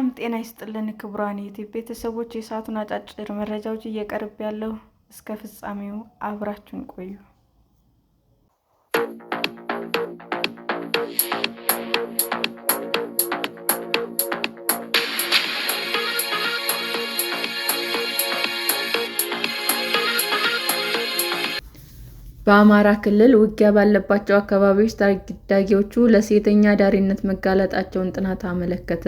ሰላም ጤና ይስጥልን ክቡራን ዩቲ ቤተሰቦች፣ የሰዓቱን አጫጭር መረጃዎች እየቀርብ ያለው እስከ ፍጻሜው አብራችን ቆዩ። በአማራ ክልል ውጊያ ባለባቸው አካባቢዎች ታዳጊዎቹ ለሴተኛ አዳሪነት መጋለጣቸውን ጥናት አመለከተ።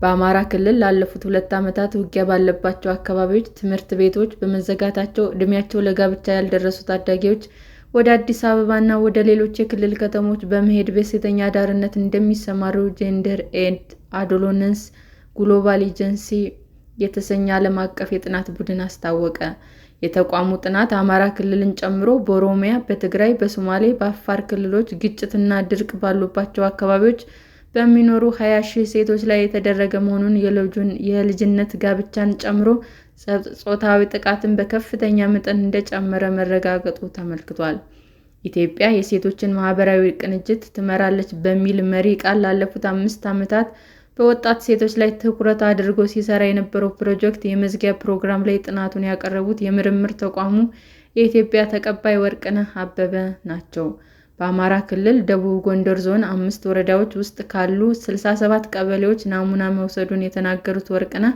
በአማራ ክልል ላለፉት ሁለት ዓመታት ውጊያ ባለባቸው አካባቢዎች ትምህርት ቤቶች በመዘጋታቸው ዕድሜያቸው ለጋብቻ ያልደረሱ ታዳጊዎች ወደ አዲስ አበባና ወደ ሌሎች የክልል ከተሞች በመሄድ በሴተኛ አዳሪነት እንደሚሰማሩ ጄንደር ኤንድ አዶለሰንስ ግሎባል ኤጀንሲ የተሰኘ ዓለም አቀፍ የጥናት ቡድን አስታወቀ። የተቋሙ ጥናት አማራ ክልልን ጨምሮ በኦሮሚያ፣ በትግራይ፣ በሶማሌ፣ በአፋር ክልሎች ግጭትና ድርቅ ባሉባቸው አካባቢዎች በሚኖሩ 20 ሺህ ሴቶች ላይ የተደረገ መሆኑን የልጅነት ጋብቻን ጨምሮ ጾታዊ ጥቃትን በከፍተኛ መጠን እንደጨመረ መረጋገጡ ተመልክቷል። ኢትዮጵያ የሴቶችን ማህበራዊ ቅንጅት ትመራለች በሚል መሪ ቃል ላለፉት አምስት ዓመታት በወጣት ሴቶች ላይ ትኩረት አድርጎ ሲሰራ የነበረው ፕሮጀክት የመዝጊያ ፕሮግራም ላይ ጥናቱን ያቀረቡት የምርምር ተቋሙ የኢትዮጵያ ተቀባይ ወርቅነህ አበበ ናቸው። በአማራ ክልል ደቡብ ጎንደር ዞን አምስት ወረዳዎች ውስጥ ካሉ 67 ቀበሌዎች ናሙና መውሰዱን የተናገሩት ወርቅነህ፣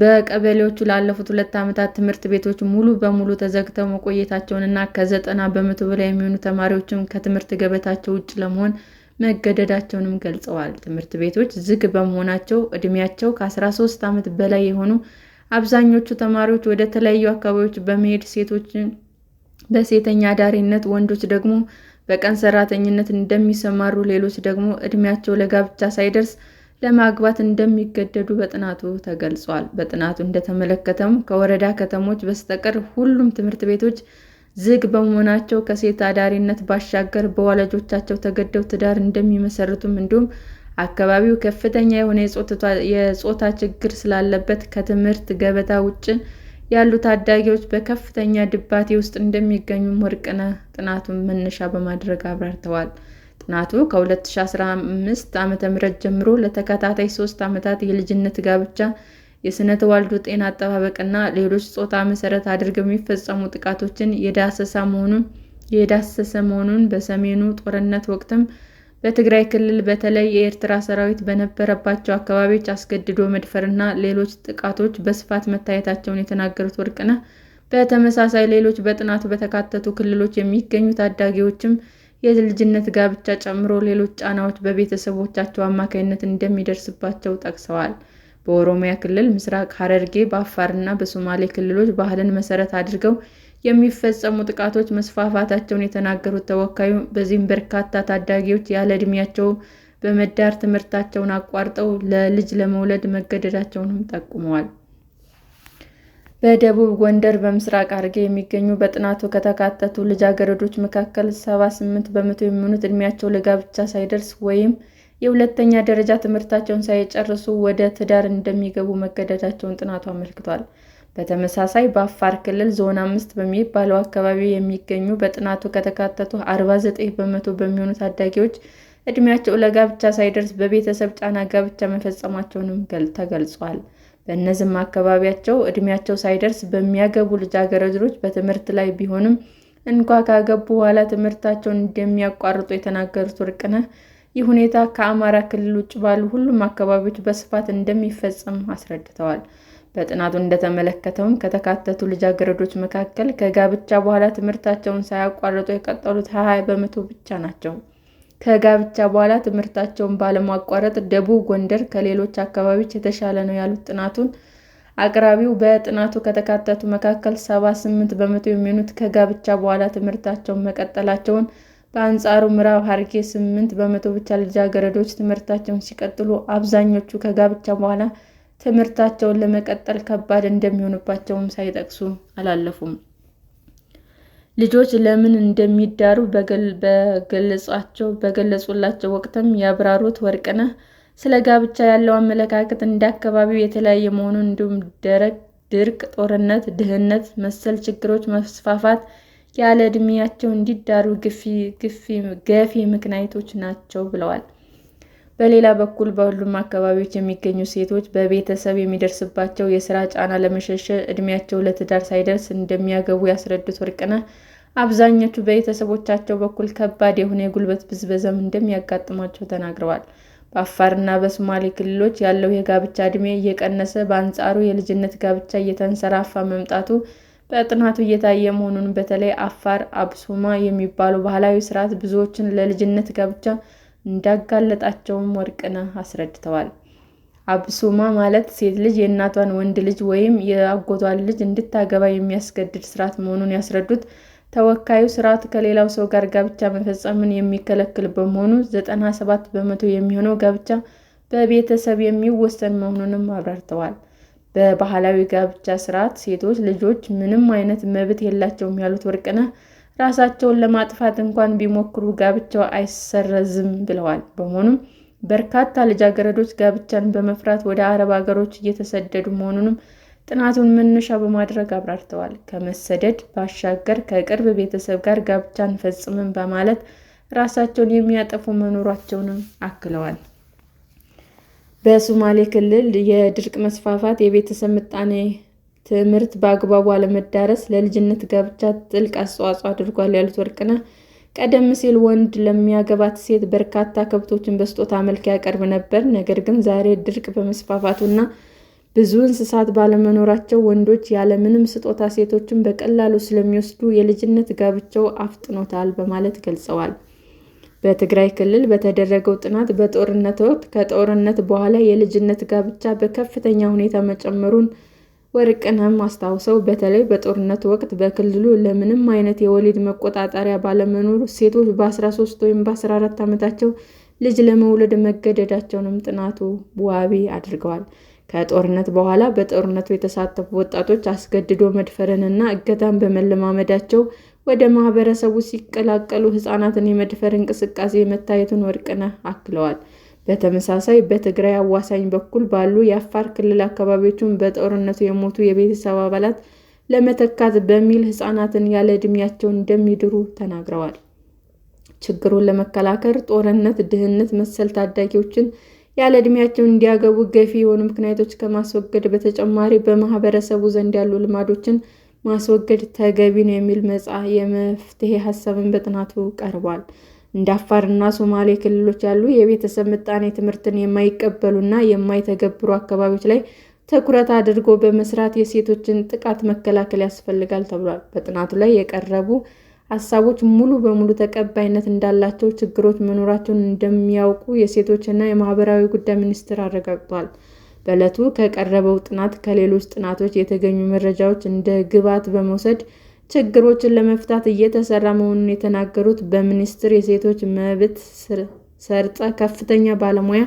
በቀበሌዎቹ ላለፉት ሁለት ዓመታት ትምህርት ቤቶች ሙሉ በሙሉ ተዘግተው መቆየታቸውንና ከዘጠና በመቶ በላይ የሚሆኑ ተማሪዎችም ከትምህርት ገበታቸው ውጭ ለመሆን መገደዳቸውንም ገልጸዋል። ትምህርት ቤቶች ዝግ በመሆናቸው ዕድሜያቸው ከ13 ዓመት በላይ የሆኑ አብዛኞቹ ተማሪዎች ወደ ተለያዩ አካባቢዎች በመሄድ ሴቶችን በሴተኛ አዳሪነት፣ ወንዶች ደግሞ በቀን ሰራተኝነት እንደሚሰማሩ፣ ሌሎች ደግሞ እድሜያቸው ለጋብቻ ሳይደርስ ለማግባት እንደሚገደዱ በጥናቱ ተገልጿል። በጥናቱ እንደተመለከተም ከወረዳ ከተሞች በስተቀር ሁሉም ትምህርት ቤቶች ዝግ በመሆናቸው ከሴት አዳሪነት ባሻገር በወላጆቻቸው ተገደው ትዳር እንደሚመሰርቱም እንዲሁም አካባቢው ከፍተኛ የሆነ የጾታ ችግር ስላለበት ከትምህርት ገበታ ውጭ ያሉ ታዳጊዎች በከፍተኛ ድባቴ ውስጥ እንደሚገኙም ወርቅነህ ጥናቱን መነሻ በማድረግ አብራርተዋል። ጥናቱ ከ2015 ዓ. ም ጀምሮ ለተከታታይ ሶስት ዓመታት የልጅነት ጋብቻ፣ የሥነ ተዋልዶ ጤና አጠባበቅና ሌሎች ጾታ መሠረት አድርገው የሚፈጸሙ ጥቃቶችን የዳሰሰ መሆኑን በሰሜኑ ጦርነት ወቅትም በትግራይ ክልል በተለይ የኤርትራ ሰራዊት በነበረባቸው አካባቢዎች አስገድዶ መድፈርና ሌሎች ጥቃቶች በስፋት መታየታቸውን የተናገሩት ወርቅነህ፣ በተመሳሳይ ሌሎች በጥናቱ በተካተቱ ክልሎች የሚገኙ ታዳጊዎችም የልጅነት ጋብቻ ጨምሮ ሌሎች ጫናዎች በቤተሰቦቻቸው አማካይነት እንደሚደርስባቸው ጠቅሰዋል። በኦሮሚያ ክልል፣ ምስራቅ ሐረርጌ፣ በአፋርና በሶማሌ ክልሎች ባህልን መሰረት አድርገው የሚፈጸሙ ጥቃቶች መስፋፋታቸውን የተናገሩት ተወካዩ በዚህም በርካታ ታዳጊዎች ያለ ዕድሜያቸው በመዳር ትምህርታቸውን አቋርጠው ለልጅ ለመውለድ መገደዳቸውንም ጠቁመዋል። በደቡብ ጎንደር በምስራቅ ሐረርጌ የሚገኙ በጥናቱ ከተካተቱ ልጃገረዶች መካከል 78 በመቶ የሚሆኑት ዕድሜያቸው ለጋብቻ ሳይደርስ ወይም የሁለተኛ ደረጃ ትምህርታቸውን ሳይጨርሱ ወደ ትዳር እንደሚገቡ መገደዳቸውን ጥናቱ አመልክቷል። በተመሳሳይ በአፋር ክልል ዞን አምስት በሚባለው አካባቢ የሚገኙ በጥናቱ ከተካተቱ 49 በመቶ በሚሆኑ ታዳጊዎች እድሜያቸው ለጋብቻ ሳይደርስ በቤተሰብ ጫና ጋብቻ መፈጸማቸውንም ተገልጿል። በእነዚህም አካባቢያቸው እድሜያቸው ሳይደርስ በሚያገቡ ልጃገረዶች በትምህርት ላይ ቢሆንም እንኳ ካገቡ በኋላ ትምህርታቸውን እንደሚያቋርጡ የተናገሩት ወርቅነህ ይህ ሁኔታ ከአማራ ክልል ውጭ ባሉ ሁሉም አካባቢዎች በስፋት እንደሚፈጸም አስረድተዋል። በጥናቱ እንደተመለከተውም ከተካተቱ ልጃገረዶች መካከል ከጋብቻ በኋላ ትምህርታቸውን ሳያቋርጡ የቀጠሉት 20 በመቶ ብቻ ናቸው። ከጋብቻ በኋላ ትምህርታቸውን ባለማቋረጥ ደቡብ ጎንደር ከሌሎች አካባቢዎች የተሻለ ነው ያሉት ጥናቱን አቅራቢው፣ በጥናቱ ከተካተቱ መካከል 78 በመቶ የሚሆኑት ከጋብቻ በኋላ ትምህርታቸውን መቀጠላቸውን፣ በአንጻሩ ምዕራብ ሐረርጌ 8 በመቶ ብቻ ልጃገረዶች ትምህርታቸውን ሲቀጥሉ፣ አብዛኞቹ ከጋብቻ በኋላ ትምህርታቸውን ለመቀጠል ከባድ እንደሚሆንባቸውም ሳይጠቅሱ አላለፉም። ልጆች ለምን እንደሚዳሩ በገለጹላቸው ወቅትም ያብራሩት ወርቅነህ ስለ ጋብቻ ያለው አመለካከት እንደ አካባቢው የተለያየ መሆኑን እንዲሁም ደረቅ ድርቅ፣ ጦርነት፣ ድህነት መሰል ችግሮች መስፋፋት ያለ ዕድሜያቸው እንዲዳሩ ገፊ ምክንያቶች ናቸው ብለዋል። በሌላ በኩል በሁሉም አካባቢዎች የሚገኙ ሴቶች በቤተሰብ የሚደርስባቸው የስራ ጫና ለመሸሸ እድሜያቸው ለትዳር ሳይደርስ እንደሚያገቡ ያስረዱት ወርቅነህ፣ አብዛኞቹ በቤተሰቦቻቸው በኩል ከባድ የሆነ የጉልበት ብዝበዛም እንደሚያጋጥማቸው ተናግረዋል። በአፋርና በሶማሌ ክልሎች ያለው የጋብቻ እድሜ እየቀነሰ፣ በአንጻሩ የልጅነት ጋብቻ እየተንሰራፋ መምጣቱ በጥናቱ እየታየ መሆኑን በተለይ አፋር አብሶማ የሚባለው ባህላዊ ስርዓት ብዙዎችን ለልጅነት ጋብቻ እንዳጋለጣቸውም ወርቅነህ አስረድተዋል። አብሱማ ማለት ሴት ልጅ የእናቷን ወንድ ልጅ ወይም የአጎቷን ልጅ እንድታገባ የሚያስገድድ ስርዓት መሆኑን ያስረዱት ተወካዩ ስርዓት ከሌላው ሰው ጋር ጋብቻ መፈጸምን የሚከለክል በመሆኑ 97 በመቶ የሚሆነው ጋብቻ በቤተሰብ የሚወሰን መሆኑንም አብራርተዋል። በባህላዊ ጋብቻ ስርዓት ሴቶች ልጆች ምንም አይነት መብት የላቸውም ያሉት ወርቅነህ ራሳቸውን ለማጥፋት እንኳን ቢሞክሩ ጋብቻው አይሰረዝም ብለዋል። በመሆኑም በርካታ ልጃገረዶች ጋብቻን በመፍራት ወደ አረብ ሀገሮች እየተሰደዱ መሆኑንም ጥናቱን መነሻ በማድረግ አብራርተዋል። ከመሰደድ ባሻገር ከቅርብ ቤተሰብ ጋር ጋብቻን ፈጽምም በማለት ራሳቸውን የሚያጠፉ መኖራቸውንም አክለዋል። በሶማሌ ክልል የድርቅ መስፋፋት የቤተሰብ ምጣኔ ትምህርት በአግባቡ አለመዳረስ ለልጅነት ጋብቻ ጥልቅ አስተዋጽኦ አድርጓል ያሉት ወርቅነህ ቀደም ሲል ወንድ ለሚያገባት ሴት በርካታ ከብቶችን በስጦታ መልክ ያቀርብ ነበር። ነገር ግን ዛሬ ድርቅ በመስፋፋቱና ብዙ እንስሳት ባለመኖራቸው ወንዶች ያለምንም ስጦታ ሴቶችን በቀላሉ ስለሚወስዱ የልጅነት ጋብቻው አፍጥኖታል በማለት ገልጸዋል። በትግራይ ክልል በተደረገው ጥናት በጦርነት ወቅት ከጦርነት በኋላ የልጅነት ጋብቻ በከፍተኛ ሁኔታ መጨመሩን ወርቅነህም አስታውሰው በተለይ በጦርነት ወቅት በክልሉ ለምንም አይነት የወሊድ መቆጣጠሪያ ባለመኖሩ ሴቶች በ13 ወይም በ14 ዓመታቸው ልጅ ለመውለድ መገደዳቸውንም ጥናቱ ዋቢ አድርገዋል። ከጦርነት በኋላ በጦርነቱ የተሳተፉ ወጣቶች አስገድዶ መድፈርንና እገታን በመለማመዳቸው ወደ ማህበረሰቡ ሲቀላቀሉ ሕፃናትን የመድፈር እንቅስቃሴ መታየቱን ወርቅነህ አክለዋል። በተመሳሳይ በትግራይ አዋሳኝ በኩል ባሉ የአፋር ክልል አካባቢዎችን በጦርነቱ የሞቱ የቤተሰብ አባላት ለመተካት በሚል ሕፃናትን ያለ ዕድሜያቸው እንደሚድሩ ተናግረዋል። ችግሩን ለመከላከል ጦርነት፣ ድህነት መሰል ታዳጊዎችን ያለ ዕድሜያቸው እንዲያገቡ ገፊ የሆኑ ምክንያቶች ከማስወገድ በተጨማሪ በማህበረሰቡ ዘንድ ያሉ ልማዶችን ማስወገድ ተገቢ ነው የሚል መጻ የመፍትሄ ሀሳብን በጥናቱ ቀርቧል። እንደ አፋርና ሶማሌ ክልሎች ያሉ የቤተሰብ ምጣኔ ትምህርትን የማይቀበሉና የማይተገብሩ አካባቢዎች ላይ ትኩረት አድርጎ በመስራት የሴቶችን ጥቃት መከላከል ያስፈልጋል ተብሏል። በጥናቱ ላይ የቀረቡ ሀሳቦች ሙሉ በሙሉ ተቀባይነት እንዳላቸው፣ ችግሮች መኖራቸውን እንደሚያውቁ የሴቶችና የማህበራዊ ጉዳይ ሚኒስቴር አረጋግጧል። በዕለቱ ከቀረበው ጥናት ከሌሎች ጥናቶች የተገኙ መረጃዎች እንደ ግብዓት በመውሰድ ችግሮችን ለመፍታት እየተሰራ መሆኑን የተናገሩት በሚኒስቴር የሴቶች መብት ሰርጠ ከፍተኛ ባለሙያ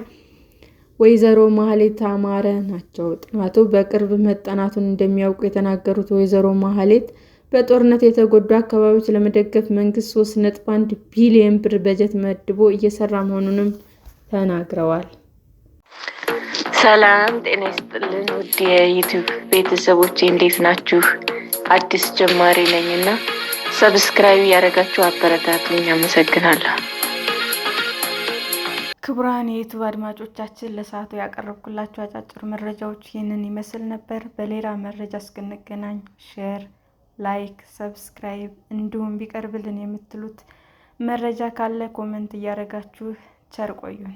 ወይዘሮ ማህሌት አማረ ናቸው። ጥናቱ በቅርብ መጠናቱን እንደሚያውቁ የተናገሩት ወይዘሮ ማህሌት በጦርነት የተጎዱ አካባቢዎች ለመደገፍ መንግስት ሶስት ነጥብ አንድ ቢሊየን ብር በጀት መድቦ እየሰራ መሆኑንም ተናግረዋል። ሰላም ጤና ይስጥልን ውድ የዩቱብ ቤተሰቦች እንዴት ናችሁ? አዲስ ጀማሪ ነኝ እና ሰብስክራይብ ያደረጋችሁ አበረታቱኝ። አመሰግናለሁ። ክቡራን የዩቱብ አድማጮቻችን ለሰዓቱ ያቀረብኩላችሁ አጫጭር መረጃዎች ይህንን ይመስል ነበር። በሌላ መረጃ እስክንገናኝ ሼር፣ ላይክ፣ ሰብስክራይብ እንዲሁም ቢቀርብልን የምትሉት መረጃ ካለ ኮመንት እያደረጋችሁ ቸር ቆዩን።